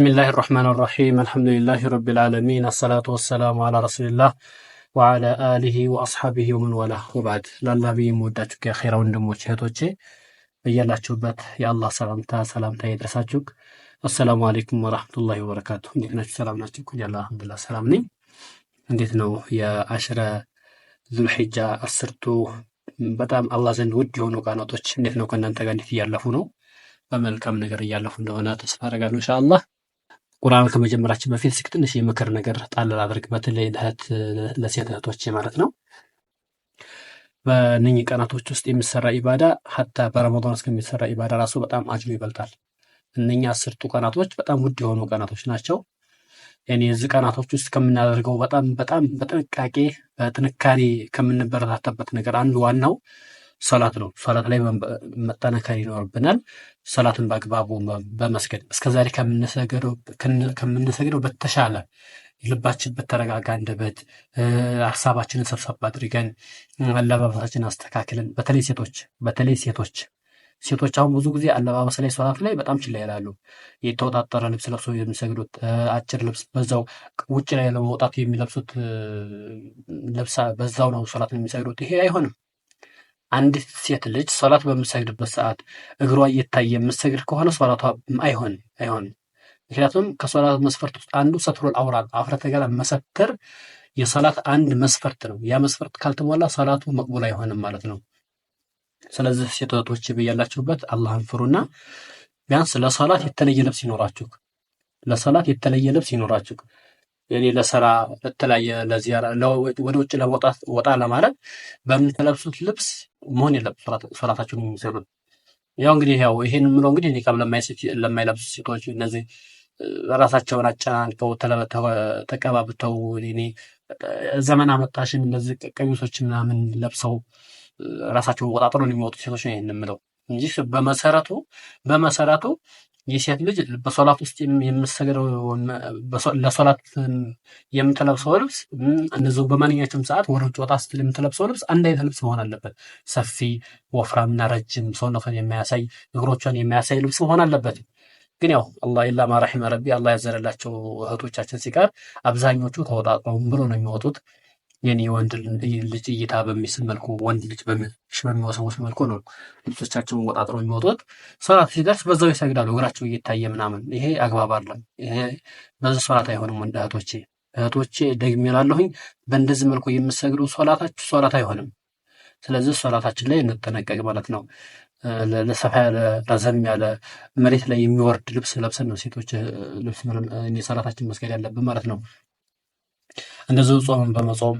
ብስሚላህ ራሕማን ራሒም አልሐምዱሊላህ ረቢልዓለሚን አሰላቱ ወሰላሙ አላ ረሱሊላህ ወዓላ አሊሂ ወአስሓቢሂ ወመንወላ ወባዕድ ላላህ ብዬ የምወዳችሁ የአኼራ ወንድሞች እህቶቼ በያላችሁበት የአላህ ሰላምታ ሰላምታ የደረሳችሁ አሰላሙ አሌይኩም ወረሕመቱላሂ ወበረካቱ እንዴት ናችሁ ሰላም ናችሁ ኩያላ አልሐምዱሊላህ ሰላም ነኝ እንዴት ነው የአሽረ ዙልሒጃ አስርቱ በጣም አላህ ዘንድ ውድ የሆኑ ቀናቶች እንዴት ነው ከእናንተ ጋር እንዴት እያለፉ ነው በመልካም ነገር እያለፉ እንደሆነ ተስፋ አደርጋለሁ ኢንሻአላህ ቁርአን ከመጀመራችን በፊት እስኪ ትንሽ የምክር ነገር ጣል ላድርግ፣ በተለይ ለእህት ለሴት እህቶች ማለት ነው። በእነኚህ ቀናቶች ውስጥ የሚሰራ ኢባዳ ሀታ በረመዳን እስከሚሰራ ኢባዳ ራሱ በጣም አጅሩ ይበልጣል። እነኛ አስርቱ ቀናቶች በጣም ውድ የሆኑ ቀናቶች ናቸው። እኔ እዚህ ቀናቶች ውስጥ ከምናደርገው በጣም በጣም በጥንቃቄ በጥንካሬ ከምንበረታታበት ነገር አንዱ ዋናው ሰላት ነው። ሰላት ላይ መጠናከር ይኖርብናል። ሰላትን በአግባቡ በመስገድ እስከዛሬ ከምንሰግደው በተሻለ ልባችን በተረጋጋ አንደበት ሀሳባችንን ሰብሰብ አድርገን አለባበሳችን አስተካክለን፣ በተለይ ሴቶች በተለይ ሴቶች ሴቶች አሁን ብዙ ጊዜ አለባበስ ላይ ሰላት ላይ በጣም ችላ ይላሉ። የተወጣጠረ ልብስ ለብሶ የሚሰግዱት አጭር ልብስ በዛው ውጭ ላይ ለመውጣት የሚለብሱት ልብስ በዛው ነው ሰላት የሚሰግዱት። ይሄ አይሆንም። አንድ ሴት ልጅ ሶላት በምሰግድበት ሰዓት እግሯ እየታየ የምሰግድ ከሆነ ሶላቷ አይሆን አይሆን። ምክንያቱም ከሶላት መስፈርት ውስጥ አንዱ ሰትሮል አውራል አፍረተ ጋር መሰተር የሶላት አንድ መስፈርት ነው። ያ መስፈርት ካልተሟላ ሶላቱ መቅቡል አይሆንም ማለት ነው። ስለዚህ ሴት እህቶች ብያላችሁበት አላህን ፍሩና ቢያንስ ለሶላት የተለየ ልብስ ይኖራችሁ፣ ለሰላት የተለየ ልብስ ይኖራችሁ። እኔ ለስራ ለተለያየ ለዚያራ ወደ ውጭ ለመውጣት ወጣ ለማለት በምትለብሱት ልብስ መሆን የለብን ሶላታችሁን የሚሰሩት ያው እንግዲህ ያው ይሄን የምለው እንግዲህ ኒቃብ ለማይለብሱ ሴቶች እነዚህ ራሳቸውን አጨናንቀው ተቀባብተው እኔ ዘመን አመጣሽን እነዚህ ቀሚሶች ምናምን ለብሰው ራሳቸውን ቆጣጥሮ የሚወጡ ሴቶች ነው ይህን የምለው እንጂ በመሰረቱ በመሰረቱ የሴት ልጅ በሶላት ውስጥ የምትሰግደው ለሶላት የምትለብሰው ልብስ እንደዚሁ በማንኛቸውም ሰዓት ወደ ውጭ ወጣ ስትል የምትለብሰው ልብስ አንድ አይነት ልብስ መሆን አለበት። ሰፊ ወፍራምና ረጅም ሰውነቷን የሚያሳይ እግሮቿን የሚያሳይ ልብስ መሆን አለበት። ግን ያው አላህ ኢላ ማ ረሒመ ረቢ አላህ ያዘነላቸው እህቶቻችን ሲቀር አብዛኞቹ ተወጣጥረውም ብሎ ነው የሚወጡት። የኔ የወንድ ልጅ እይታ በሚስል መልኩ ወንድ ልጅ በሚወሰወስ መልኩ ነው ልብሶቻቸውን ወጣጥረው የሚወጡት። ሶላት ሲደርስ በዛው ይሰግዳሉ እግራቸው እየታየ ምናምን። ይሄ አግባብ አለም። ይሄ በዚህ ሶላት አይሆንም። ወንድ እህቶቼ እህቶቼ ደግሜ እላለሁኝ በእንደዚህ መልኩ የምሰግዱ ሶላታችሁ ሶላት አይሆንም። ስለዚህ ሶላታችን ላይ እንጠነቀቅ ማለት ነው። ለሰፋ ያለ ረዘም ያለ መሬት ላይ የሚወርድ ልብስ ለብሰን ነው ሴቶች ልብስ ሰላታችን መስገድ ያለብን ማለት ነው። እንደዚሁ ጾምን በመጾም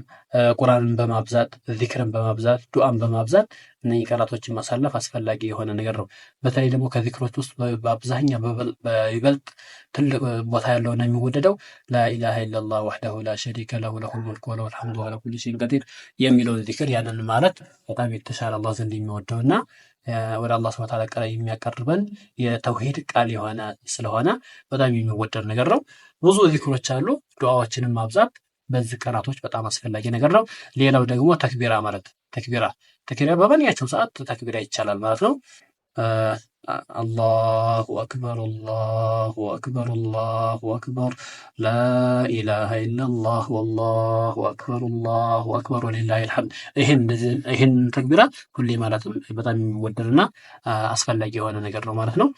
ቁርአንን በማብዛት ዚክርን በማብዛት ዱዓን በማብዛት እነዚህ ቀናቶችን ማሳለፍ አስፈላጊ የሆነ ነገር ነው። በተለይ ደግሞ ከዚክሮች ውስጥ በአብዛኛው በይበልጥ ትልቅ ቦታ ያለው ነው የሚወደደው ላኢላሃ ኢለላህ ወህደሁ ላሸሪከ ለሁ ለሁ ለሁል ሙልኩ ልሐምዱ ሐምዱ ኩሉ ኩሊ ሸይኢን ቀዲር የሚለውን ዚክር ያንን ማለት በጣም የተሻለ አላህ ዘንድ የሚወደው የሚወደውና ወደ አላህ ስብሐት ወተዓላ ቀረ የሚያቀርበን የተውሂድ ቃል የሆነ ስለሆነ በጣም የሚወደድ ነገር ነው። ብዙ ዚክሮች አሉ። ዱዓዎችንም ማብዛት በዚህ ቀናቶች በጣም አስፈላጊ ነገር ነው። ሌላው ደግሞ ተክቢራ ማለት ተክቢራ ተክቢራ በማንኛቸውም ሰዓት ተክቢራ ይቻላል ማለት ነው። አላሁ አክበር አላሁ አክበር አላሁ አክበር ላኢላሀ ኢለላህ ወላሁ አክበር አላሁ አክበር ወሊላሂ ልሐምድ። ይህን ተክቢራ ሁሌ ማለትም በጣም የሚወደድና አስፈላጊ የሆነ ነገር ነው ማለት ነው።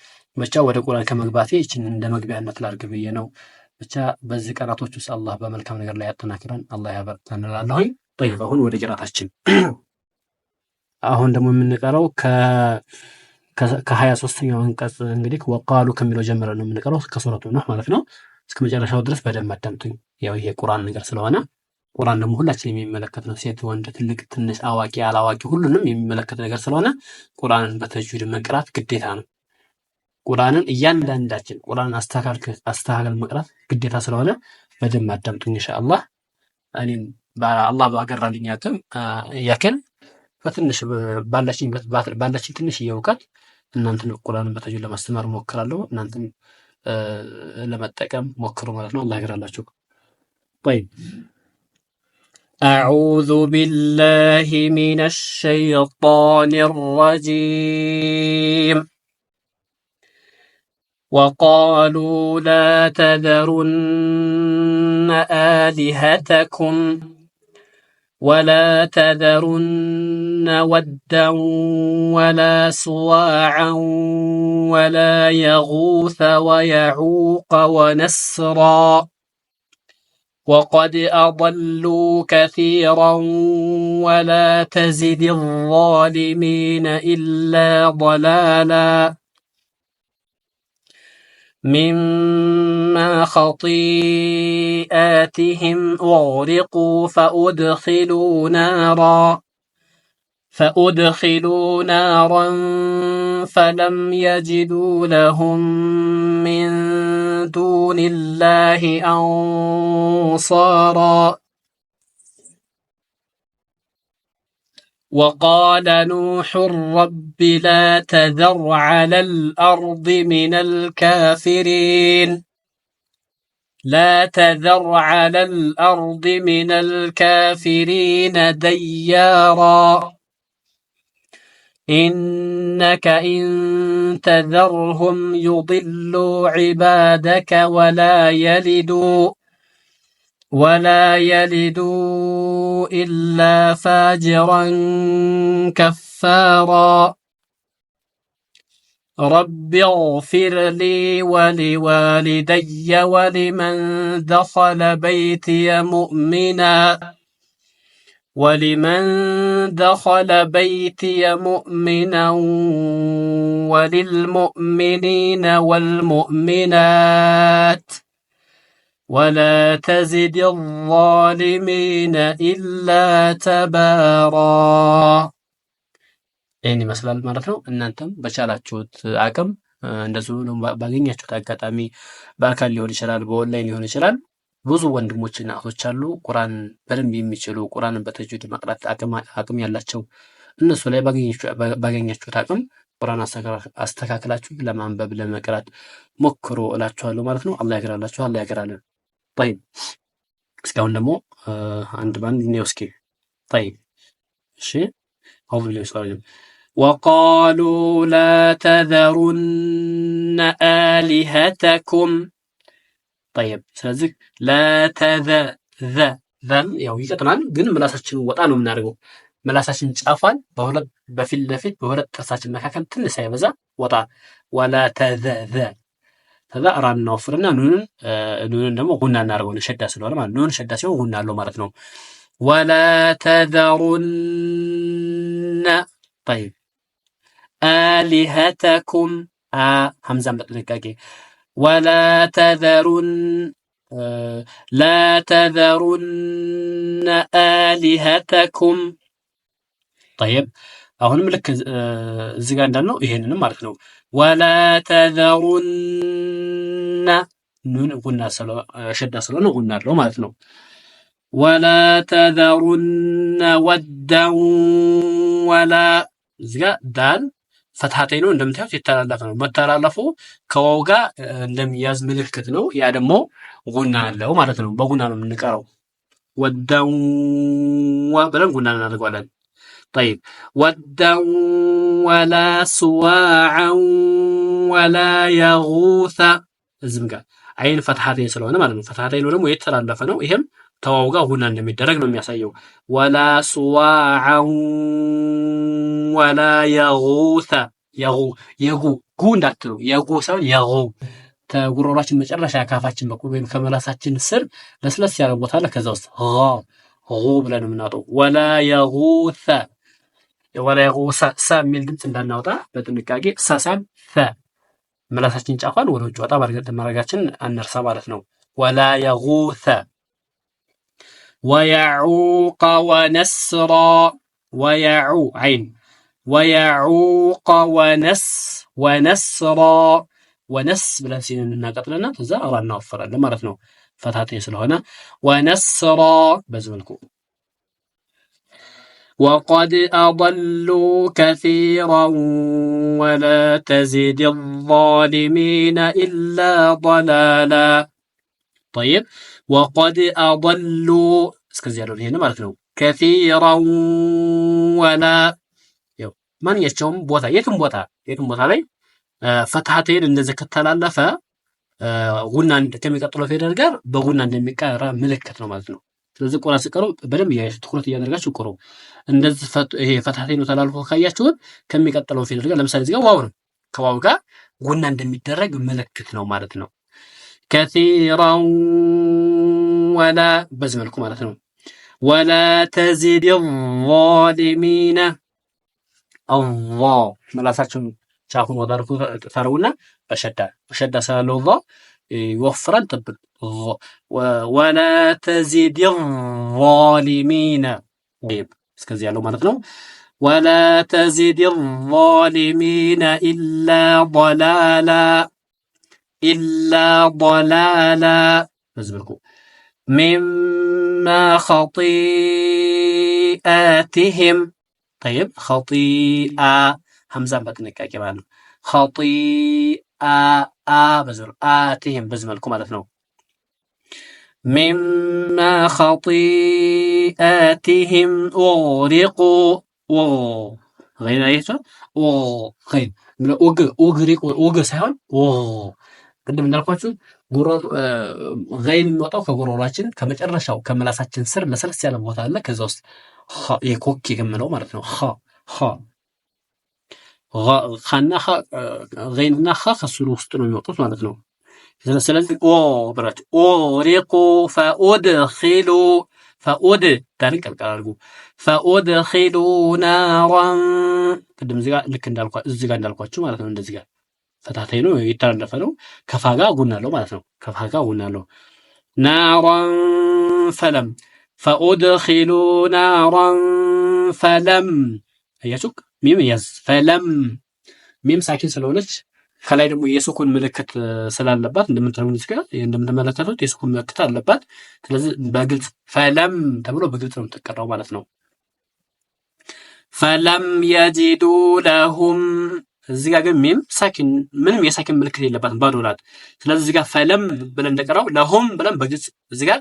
ብቻ ወደ ቁርአን ከመግባቴ ይችን እንደ መግቢያነት ላድርግ ብዬ ነው። ብቻ በዚህ ቀናቶች ውስጥ አላህ በመልካም ነገር ላይ ያጠናክረን፣ አላህ ያበርታን እላለሁኝ። ጠይብ አሁን ወደ ቂራአታችን አሁን ደግሞ የምንቀረው ከሀያ ሶስተኛው አንቀጽ እንግዲህ ወቃሉ ከሚለው ጀምረን ነው የምንቀረው ከሱረቱ ኑህ ማለት ነው። እስከ መጨረሻው ድረስ በደንብ አዳምጡኝ። ያው ይሄ ቁርአን ነገር ስለሆነ ቁርአን ደግሞ ሁላችን የሚመለከት ነው። ሴት፣ ወንድ፣ ትልቅ፣ ትንሽ፣ አዋቂ፣ አላዋቂ ሁሉንም የሚመለከት ነገር ስለሆነ ቁርአንን በተጅዊድ መቅራት ግዴታ ነው። ቁርአንን እያንዳንዳችን ቁርአንን አስተካክል መቅራት ግዴታ ስለሆነ በደንብ አዳምጡኝ። ኢንሻአላህ እኔም አላህ ባገራልኝ አቅም ያክል በትንሽ ባላችን ትንሽ እየውቀት እናንተን ቁርአንን በተጅዊድ ለማስተማር ሞክራለሁ። እናንተን ለመጠቀም ሞክሩ ማለት ነው። አላህ ያግራላችሁ። طيب أعوذ بالله من الشيطان الرجيم وقالوا لا تذرن آلهتكم ولا تذرن ودا ولا سواعا ولا يغوث ويعوق ونسرا وقد أضلوا كثيرا ولا تزد الظالمين إلا ضلالا مما خطيئاتهم أغرقوا فأدخلوا نارا فأدخلوا نارا فلم يجدوا لهم من دون الله أنصارا وقال نوح رب لا تذر على الأرض من الكافرين لا تذر على الأرض من الكافرين ديارا إنك إن تذرهم يضلوا عبادك ولا يلدوا ولا يلدوا إلا فاجرا كفارا رب اغفر لي ولوالدي ولمن دخل بيتي مؤمنا ولمن دخل بيتي مؤمنا وللمؤمنين والمؤمنات ولا تزد الظالمين إلا تبارا ይህን ይመስላል ማለት ነው። እናንተም በቻላችሁት አቅም እንደዚሁ ባገኛችሁት አጋጣሚ በአካል ሊሆን ይችላል፣ በኦንላይን ሊሆን ይችላል። ብዙ ወንድሞችና እህቶች አሉ ቁርአን በደንብ የሚችሉ ቁርአንን በተጅዊድ ማቅራት አቅም ያላቸው እነሱ ላይ ባገኛችሁት አቅም ቁርአን አስተካክላችሁ ለማንበብ ለመቅራት ሞክሮ እላችኋለሁ ማለት ነው። አላህ ያግራላችሁ፣ አላህ ያግራለን። طيب እስካሁን ደግሞ አንድ በአንድ እኔው እስኪ طيب እሺ አውዝ ቢላሂ ሚነሽ ወቃሉ ላ አሊሀተኩም ጠይብ ስለዚህ ለተዘ ዘ ዘን ያው ይቀጥናል፣ ግን ምላሳችን ወጣ ነው የምናደርገው። ምላሳችን ጫፏን በሁለት በፊት ለፊት በሁለት ጥርሳችን መካከል ትንሽ ሳይበዛ ወጣ ወላ ከዛ ራን እናወፍርና ኑንን ኑንን ደግሞ ጉና እናደርገው ሸዳ ስለሆነ ማለት ኑን ሸዳ ሲሆን ጉና አለው ማለት ነው። ወላ ተዘሩነ ጠይብ አሊሀተኩም ሀምዛም በጥንቃቄ ወላ ተዘሩን ላ ተዘሩነ አሊሀተኩም ጠይብ አሁንም ልክ እዚጋ እንዳልነው ይሄንንም ማለት ነው ولا تذرن ኑን ጉና ሸዳ ስለሆነ ጉና አለው ማለት ነው። ወላ ተዘሩነ ወዳን ወላ እዚጋ ዳል ፈትሐቴ ነው እንደምታዩት የተላለፈ ነው። መተላለፉ ከዋው ጋር እንደሚያዝ ምልክት ነው። ያ ደግሞ ጉና አለው ማለት ነው። በጉና ነው የምንቀረው። ወዳን ብለን ጉና እናደርገዋለን። طيب ودا ولا سواعا ولا يغوث እዚህም ጋር አይን ፈትሐቴን ስለሆነ ማለት ነው። ፈትሐቴን ደግሞ የተላለፈ ነው። ይሄም ተዋው ጋር ሁና እንደሚደረግ ነው የሚያሳየው። ወላ ስዋዓ ወላ የጉተ የጉ ጉ እንዳትሉ የጉ ሳይሆን የጉ ከጉሮሯችን መጨረሻ ካፋችን በኩል ወይም ከመላሳችን ስር ለስለስ ያለ ቦታ አለ። ከዛ ውስጥ ጉ ብለን የምናውጠው ወላ የጉተ የቆላይቁ ሰ የሚል ድምፅ እንዳናወጣ በጥንቃቄ ሰሳም ፈ ምላሳችን ጫፏን ወደ ውጭ ወጣ ማድረጋችን አነርሳ ማለት ነው። ወላ የጉተ ወየዑቀ ወነስራ ወየዑ አይን ወየዑቀ ወነስ ወነስራ ወነስ ብለን ሲንን እናቀጥልና ከዛ ራ እናወፈራለን ማለት ነው። ፈታጤ ስለሆነ ወነስራ በዚህ መልኩ وقد أضلوا كثيرا ولا تزد الظالمين إلا ضلالا طيب وقد أضلوا هنا كثيرا ولا يو من يشتم بوتا يكم بوتا يكم بوتا لي فتحتين እንደዚህ ከተላለፈ ጉና ከሚቀጥለው ፊደል ጋር በጉና እንደሚቀራ ምልክት ነው ማለት ነው ስለዚህ ቆራ ስቀሩ በደንብ እያያችሁ ትኩረት እያደረጋችሁ ቆሩ። እንደዚህ ይሄ ፈታቴ ነው ተላልፎ ካያችሁት ከሚቀጥለው ፊደል ጋር ለምሳሌ እዚህ ጋር ዋው ነው። ከዋው ጋር ጉና እንደሚደረግ ምልክት ነው ማለት ነው። ከቲራን ወላ በዚህ መልኩ ማለት ነው። ወላ ተዚድ ዛሊሚነ አላ መላሳችሁን ቻሁን ወዳርኩ ታረውና በሸዳ በሸዳ ስላለው يوفر الدبل ولا تزيد الظالمين طيب እስከዚህ ያለው على ነው። ولا تزد الظالمين إلا ضلالا إلا ضلالا በዚህ مما خطيئاتهم طيب خطيئة همزه በጥንቃቄ ማለት خطيئة አ አ በዝር አቲህም በዚህ መልኩ ማለት ነው። ሚማ ኸጢአቲህም ኡግሪቁ ውግ ሳይሆን ቅድም እንዳልኳችሁ ገይን የሚወጣው ከጉሮሯችን ከመጨረሻው ከምላሳችን ስር ለስለስ ያለ ቦታ አለ። ከዛ ውስጥ የኮክ የገምነው ማለት ነው። ኻና ይንና ኻ ውስጥ ነው የሚወጡት ማለት ነው። ስለዚህ ኦ ኦ ሪቁ ዳርን ቀልቀል አድርጉ። ናራን ቅድም ልክ እንዳልኳችሁ ማለት ነው። ነው የተላለፈ ነው። ማለት ነው። ናራን ፈለም ፈኦድ ናራን ፈለም አያችሁ ሚም ያዝ ፈለም ሚም ሳኪን ስለሆነች ከላይ ደግሞ የሱኩን ምልክት ስላለባት እንደምትመለከቱት የሱኩን ምልክት አለባት። ስለዚህ በግልጽ ፈለም ተብሎ በግልጽ ነው የምትቀራው ማለት ነው። ፈለም የጂዱ ለሁም እዚህ ጋር ግን ሚም ሳኪን ምንም የሳኪን ምልክት የለባትም ባዶ ናት። ስለዚህ እዚህ ጋር ፈለም ብለን እንደቀራው ለሁም ብለን በግልጽ እዚህ ጋር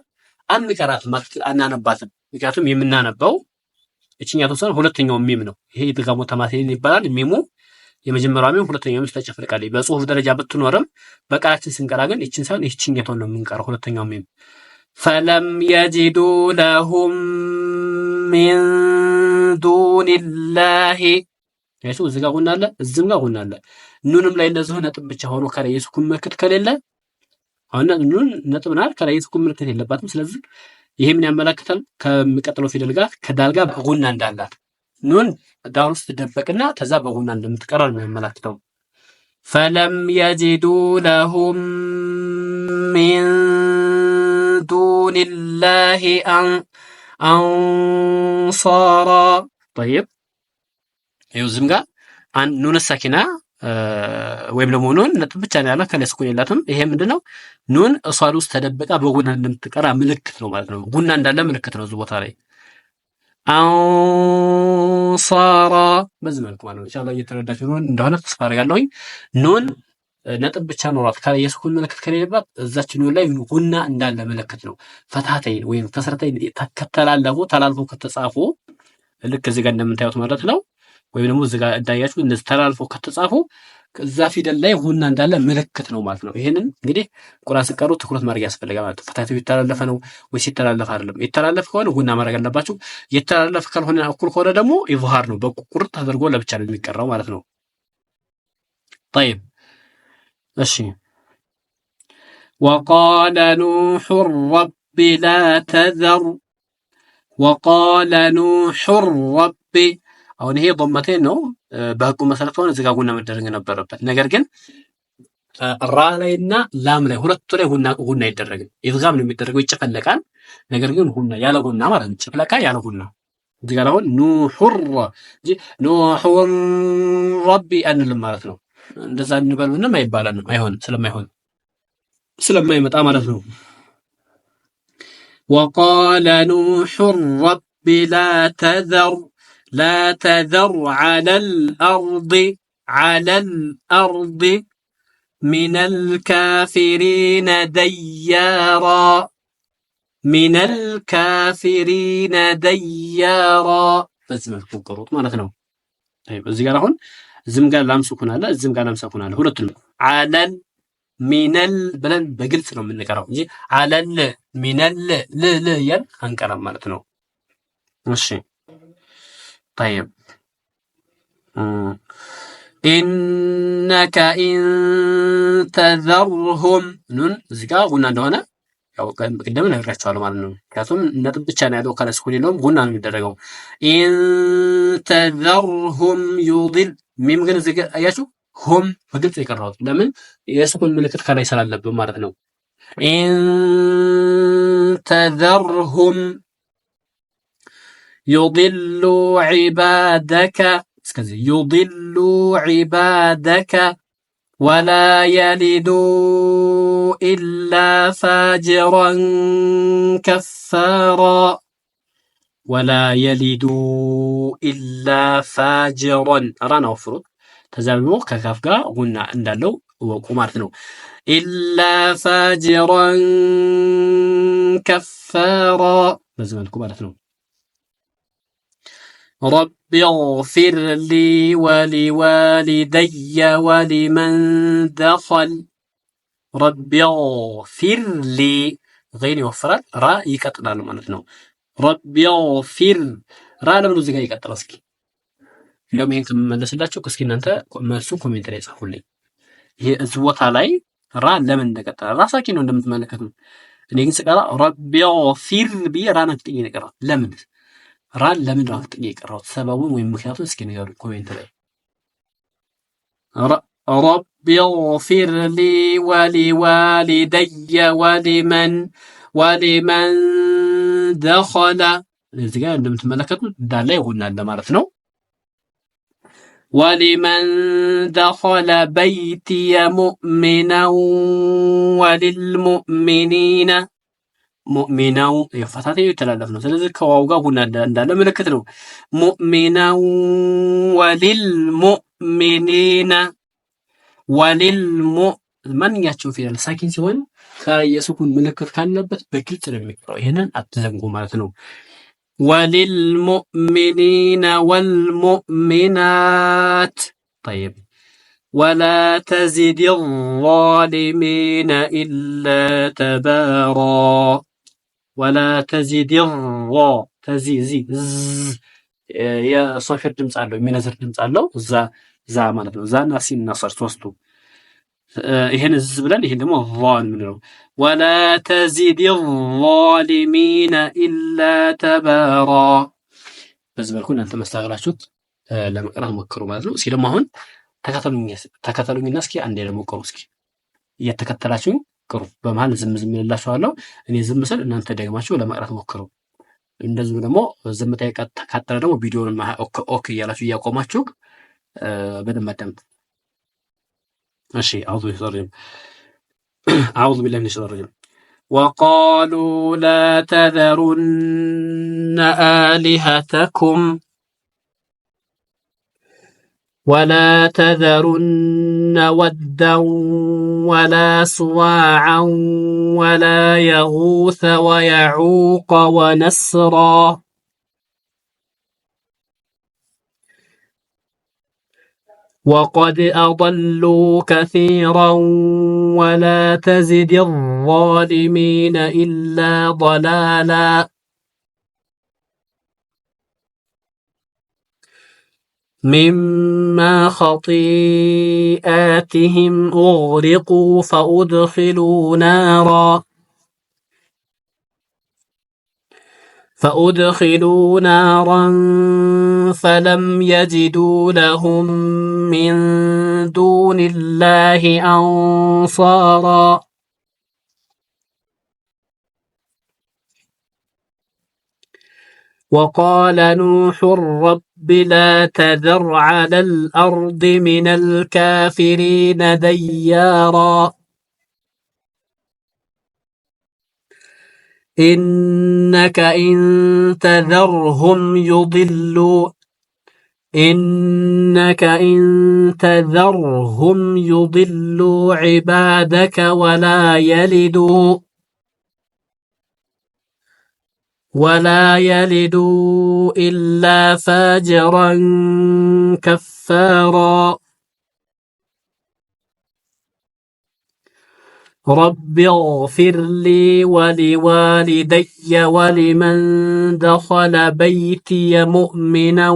አንቀራት ማለት አናነባትም። ምክንያቱም የምናነበው እችኛቱ ሳይሆን ሁለተኛው ሚም ነው። ይሄ የድጋሞ ተማቴን ይባላል። ሚሙ የመጀመሪያው ሚም፣ ሁለተኛው ሚም ተጨፍልቃለች። በጽሁፍ ደረጃ ብትኖርም በቃላችን ስንቀራ ግን እችን ሳይሆን ይችኛቷን ነው የምንቀረው፣ ሁለተኛው ሚም። ፈለም የጂዱ ለሁም ሚን ዱንላሂ ያሱ እዚህ ጋር ሁናለ እዚህም ጋር ሁናለ ኑንም ላይ እንደዚሁ ነጥብ ብቻ ሆኖ ከላይ የሱኩን ምልክት ከሌለ አሁን ኑን ነጥብ ናል ከላይ የሱኩን ምልክት የለባትም። ስለዚህ ይሄ ምን ያመለክታል? ከሚቀጥለው ፊደል ጋር ከዳል ጋር በጎና እንዳላት ኑን ዳር ውስጥ ደበቅና ከዛ በጎና እንደምትቀራል ነው የሚያመላክተው። ፈለም የዚዱ ለሁም ሚን ዱንላሂ አንሳራ። ጠይብ ይኸው ዝም ጋር ኑን ሳኪና ወይም ደግሞ ኑን ነጥብ ብቻ ነው ያለ ከላይ ስኩን የላትም። ይሄ ምንድነው? ኑን እሷን ውስጥ ተደብቃ በጉና እንደምትቀራ ምልክት ነው ማለት ነው። ጉና እንዳለ ምልክት ነው እዚህ ቦታ ላይ አንሳራ በዚህ መልኩ ማለት ነው። ኢንሻአላህ እየተረዳችሁ ኑን እንደሆነ ተስፋ አደርጋለሁኝ። ኑን ነጥብ ብቻ ኖሯት ከላይ የስኩን ምልክት ከሌለባት እዛች ኑን ላይ ጉና እንዳለ ምልክት ነው። ፈታተይን ወይም ከስረተይን ተከተላለፉ ተላልፎ ከተጻፉ ልክ እዚህ ጋር እንደምታዩት ማለት ነው ወይም ደግሞ እዚጋ እንዳያችሁ እነዚህ ተላልፎ ከተጻፉ እዛ ፊደል ላይ ሁና እንዳለ ምልክት ነው ማለት ነው። ይህንን እንግዲህ ቁራ ስቀሩ ትኩረት ማድረግ ያስፈልጋል ማለት ነው። ፈታቱ የተላለፈ ነው ወይስ የተላለፈ አይደለም? የተላለፈ ከሆነ ሁና ማድረግ አለባችሁ። የተላለፈ ካልሆነ እኩል ከሆነ ደግሞ ኢዝሃር ነው፣ በቁርጥ ተደርጎ ለብቻ ነው የሚቀራው ማለት ነው። ጠይብ እሺ። ወቃለ ኑሑ ረቢ ላ ተዘር ወቃለ ኑሑ ረቢ አሁን ይሄ ቦመቴ ነው። በህጉ መሰረት ከሆነ እዚጋ ጉና መደረግ ነበረበት። ነገር ግን ራ ላይ እና ላም ላይ ሁለቱ ላይ ቡና ቡና አይደረግም። ኢድጋም ነው የሚደረገው፣ ይጨፈለቃል። ነገር ግን ቡና ያለ ቡና ማለት ነው፣ ጭፍለቃ ያለ ቡና። እዚጋ አሁን ኑሑር ኑሑር ረቢ አንልም ማለት ነው። እንደዛ እንበል ምንም አይባለንም፣ አይሆንም፣ ስለማይሆን ስለማይመጣ ማለት ነው። ወቃለ ኑሑር ረቢ ላ ተዘር لا تذر على الأرض على الأرض من الكافرين ديارا من الكافرين ديارا فزم القرط ما نخنو طيب زي قال هون زم قال لام سكون على زم قال لام سكون على هولتن على من ال بلن بقلت لهم من قراو على ال من ال ل ل ين هنقرا مالتنو ماشي طيب مم. ኢነከ ኢንተዘርሁም ኑን እዚህ ጋ ጉና እንደሆነ ቅድም ነግራቸዋለሁ ማለት ነው። ምክንያቱም ነጥብ ብቻ ነው ያለው፣ ከለስኩን የለውም። ጉና ነው የሚደረገው። ኢንተዘርሁም ዩድል ሚም ግን እዚህ አያችሁ፣ ሁም በግልጽ የቀረሁት ለምን የስኩን ምልክት ከላይ ስላለብን ማለት ነው። ኢንተዘርሁም يضل عبادك يضل عبادك ولا يلد إلا فاجرا كفارا ولا يلد إلا فاجرا رانا وفرد تزامنو كافكا قلنا عند لو وكمارتنو إلا فاجرا كفارا لازم نكون رب اغفر لي ولوالدي ولمن دخل رب اغفر لي غير يوفر را يقطع له معناته نو رب اغفر را لم نزغ يقطع اسكي لو مين كم ملسلاتكو اسكي انت ملسو كومنت لي صحو لي هي ازوتا علي را لم نقطع را ساكي نو اندمتملكتو اني كنت قال رب اغفر بي را نقطع لي لمن ራን ለምንድን ነው የቀራሁት? ሰበቡን ወይም ምክንያቱን እስኪ ንገሩኝ ኮሜንት ላይ። ረቢ ግፊር ሊ ወሊዋሊደየ ወሊመን ወሊመን ደኸለ እዚህ ጋር እንደምትመለከቱት ዳላ ይሆናል ለማለት ነው። ወሊመን ደኸለ በይትየ ሙእሚናን ወሊልሙእሚኒና ሙእሚናው የፈታተዩ ይተላለፍ ነው። ስለዚህ ከዋው ጋር ሁና እንዳለ ምልክት ነው። ሙእሚናው ወሊል ሙእሚኒና ወሊል ሙ ማንኛቸው ፊደል ሳኪን ሲሆን የሱኩን ምልክት ካለበት በግልጽ ነው የሚቀረው። ይህንን አትዘንጉ ማለት ነው። ወሊል ሙእሚኒና ወልሙእሚናት ጠይብ ወላ ተዚድ ዛሊሚነ ኢላ ተባራ ወላ ተዚድ ተዚ ዚ የሶፊር ድምፅ አለው የሚነዝር ድምፅ አለው እዛ ዛ ማለት ነው። ዛና ሲን እና ሶስቱ ይህን እዝ ብለን ይህን ደግሞ ቫን ምንለው ወላ ተዚድ ዛሊሚነ ኢላ ተባራ። በዚህ መልኩ እናንተ መስተካከላችሁት ለመቅራት ሞክሩ ማለት ነው። እስኪ ደግሞ አሁን ተከተሉኝና እስኪ አንዴ ለሞክሩ እስኪ እየተከተላችሁኝ ሞክሩ። በመሀል ዝም ዝም ይልላችኋለሁ። እኔ ዝም ስል እናንተ ደግማችሁ ለመቅረት ሞክሩ። እንደዚሁ ደግሞ ዝምታ ካጠረ ደግሞ ቪዲዮን ኦክ እያላችሁ እያቆማችሁ በደንብ አዳምጥ። እሺ አውዙ ቢላሂ አውዙ ቢላሂ ሚነሽ ረጅም وقالوا لا تذرن آلهتكم ولا تذرن ودا ولا صواعا ولا يغوث ويعوق ونسرا وقد أضلوا كثيرا ولا تزد الظالمين إلا ضلالا مما خطيئاتهم أغرقوا فأدخلوا نارا فأدخلوا نارا فلم يجدوا لهم من دون الله أنصارا وقال نوح الرب بلا لا تذر على الأرض من الكافرين ديارا إنك إن تذرهم يضلوا إنك إن تذرهم يضلوا عبادك ولا يلدوا ولا يلدوا إلا فاجرا كفارا رب اغفر لي ولوالدي ولمن دخل بيتي مؤمنا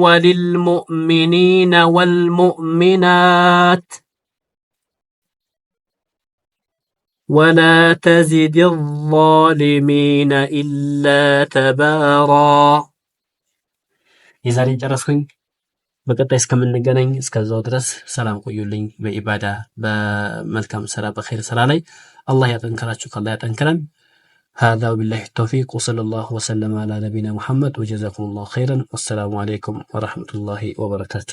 وللمؤمنين والمؤمنات ۖ ولا تزد الظالمين ኢላ ተባራ የዛሬን ጨረስኩኝ። በቀጣይ እስከምንገናኝ እስከዛው ድረስ ሰላም ቆዩልኝ። በኢባዳ በመልካም ስራ በኸይር ስራ ላይ አላህ ያጠንከራችሁ፣ ከላ ያጠንክረን። ሀዛ ወቢላሂ ተውፊቅ ወሰለላሁ ወሰለም አላ ነቢና ሙሐመድ ወጀዛኩም ላሁ ኸይረን። ወሰላሙ አለይኩም ወረሕመቱላሂ ወበረካቱ።